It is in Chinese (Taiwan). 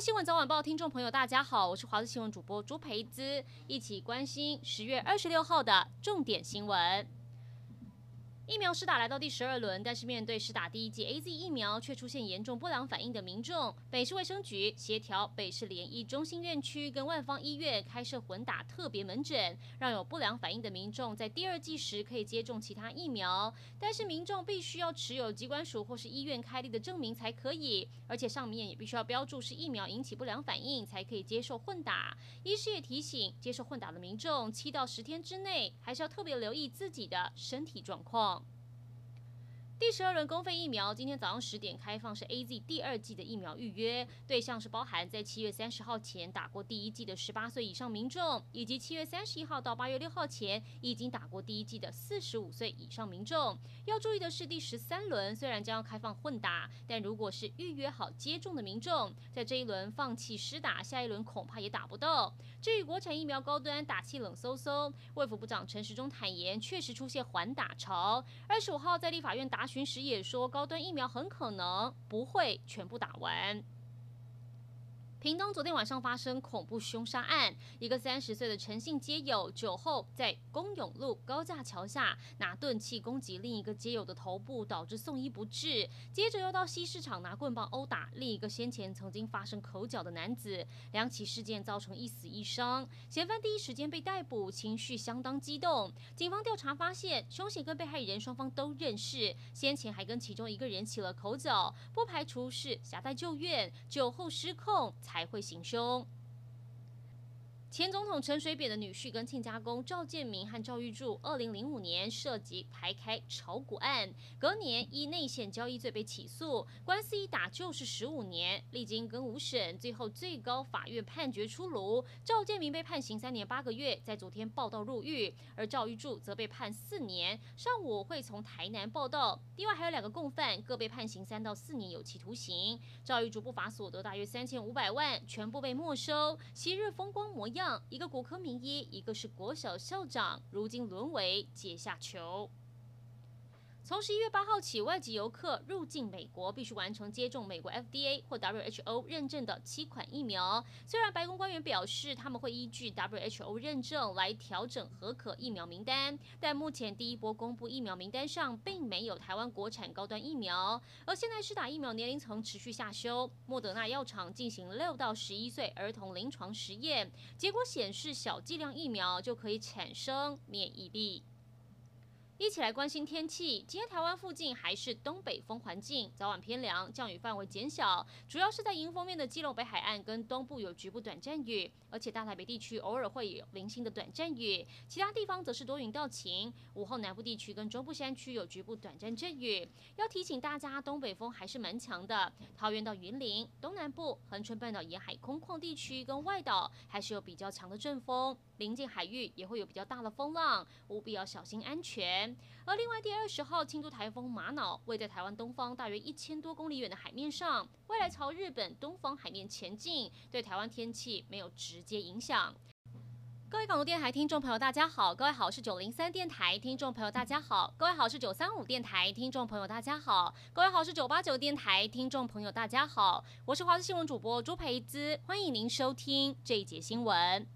新聞早晚報，聽眾朋友，大家好，我是華視新聞主播朱培姿，一起關心十月二十六號的重點新聞。疫苗施打來到第十二輪，但是面對施打第一劑 AZ 疫苗卻出現嚴重不良反應的民眾，北市衛生局協調北市聯醫中心院區跟萬芳醫院開設混打特別門診，讓有不良反應的民眾在第二劑時可以接種其他疫苗。但是民眾必須要持有疾管署或是醫院開立的證明才可以，而且上面也必須要標注是疫苗引起不良反應才可以接受混打。醫師也提醒，接受混打的民眾七到十天之內還是要特別留意自己的身體狀況。第十二輪公費疫苗今天早上十點開放，是 AZ 第二劑的疫苗預約，對象是包含在七月三十號前打過第一劑的十八歲以上民眾，以及七月三十一號到八月六號前已經打過第一劑的四十五歲以上民眾。要注意的是，第十三輪雖然將要開放混打，但如果是預約好接種的民眾，在這一輪放棄施打，下一輪恐怕也打不到。至於國產疫苗高端打氣冷颼颼，衛福部長陳時中坦言，確實出現緩打潮。二十五號在立法院打。巡時也說，高端疫苗很可能不會全部打完。平東昨天晚上發生恐怖凶殺案，一個三十歲的陳信街友酒後在公勇路高架橋下拿鈍器攻擊另一個街友的頭部，導致送醫不治。接着又到西市場拿棍棒毆打另一個先前曾經發生口角的男子，兩起事件造成一死一傷。嫌犯第一時間被逮捕，情緒相當激動。警方調查發現，凶險跟被害人雙方都認識，先前還跟其中一個人起了口角，不排除是挾帶救援酒後失控。才會行凶。前總統陳水扁的女婿、跟親家公趙建明和趙玉柱，二零零五年涉及台開炒股案，隔年因內線交易罪被起訴，官司一打就是十五年，歷經更五審，最後最高法院判決出爐，趙建明被判刑三年八個月，在昨天報到入獄，而趙玉柱則被判四年。上午會從台南報道。另外還有兩個共犯，各被判刑三到四年有期徒刑。趙玉柱不法所得大約三千五百萬，全部被沒收。昔日風光模樣，一個骨科名醫，一個是國小校長，如今淪為階下囚。從十一月八號起，外籍遊客入境美國必須完成接種美國 FDA 或 WHO 認證的七款疫苗。雖然白宮官員表示他們會依據 WHO 認證來調整核可疫苗名單，但目前第一波公布疫苗名單上並沒有台灣國產高端疫苗。而現在施打疫苗年齡層持續下修，莫德納藥廠進行六到十一歲兒童臨床實驗，結果顯示小劑量疫苗就可以產生免疫力。一起來關心天氣。今天台灣附近還是東北風環境，早晚偏涼，降雨範圍減小，主要是在迎風面的基隆北海岸跟東部有局部短暫雨，而且大台北地區偶爾會有零星的短暫雨，其他地方則是多雲到晴。午後南部地區跟中部山區有局部短暫陣雨。要提醒大家，東北風還是蠻強的，桃園到雲林、東南部、恆春半島沿海空曠地區跟外島還是有比較強的陣風，臨近海域也會有比較大的風浪，務必要小心安全。而另外，第二十號輕度台風瑪瑙，位在台灣東方大約一千多公里遠的海面上，未來朝日本東方海面前進，對台灣天氣沒有直接影響。各位港澳電台聽眾朋友，大家好；各位好，是九零三電台聽眾朋友，大家好；各位好，是九三五電台聽眾朋友，大家好；各位好，是九八九電台聽眾朋友，大家好。我是華視新聞主播朱培姿，歡迎您收聽這一節新聞。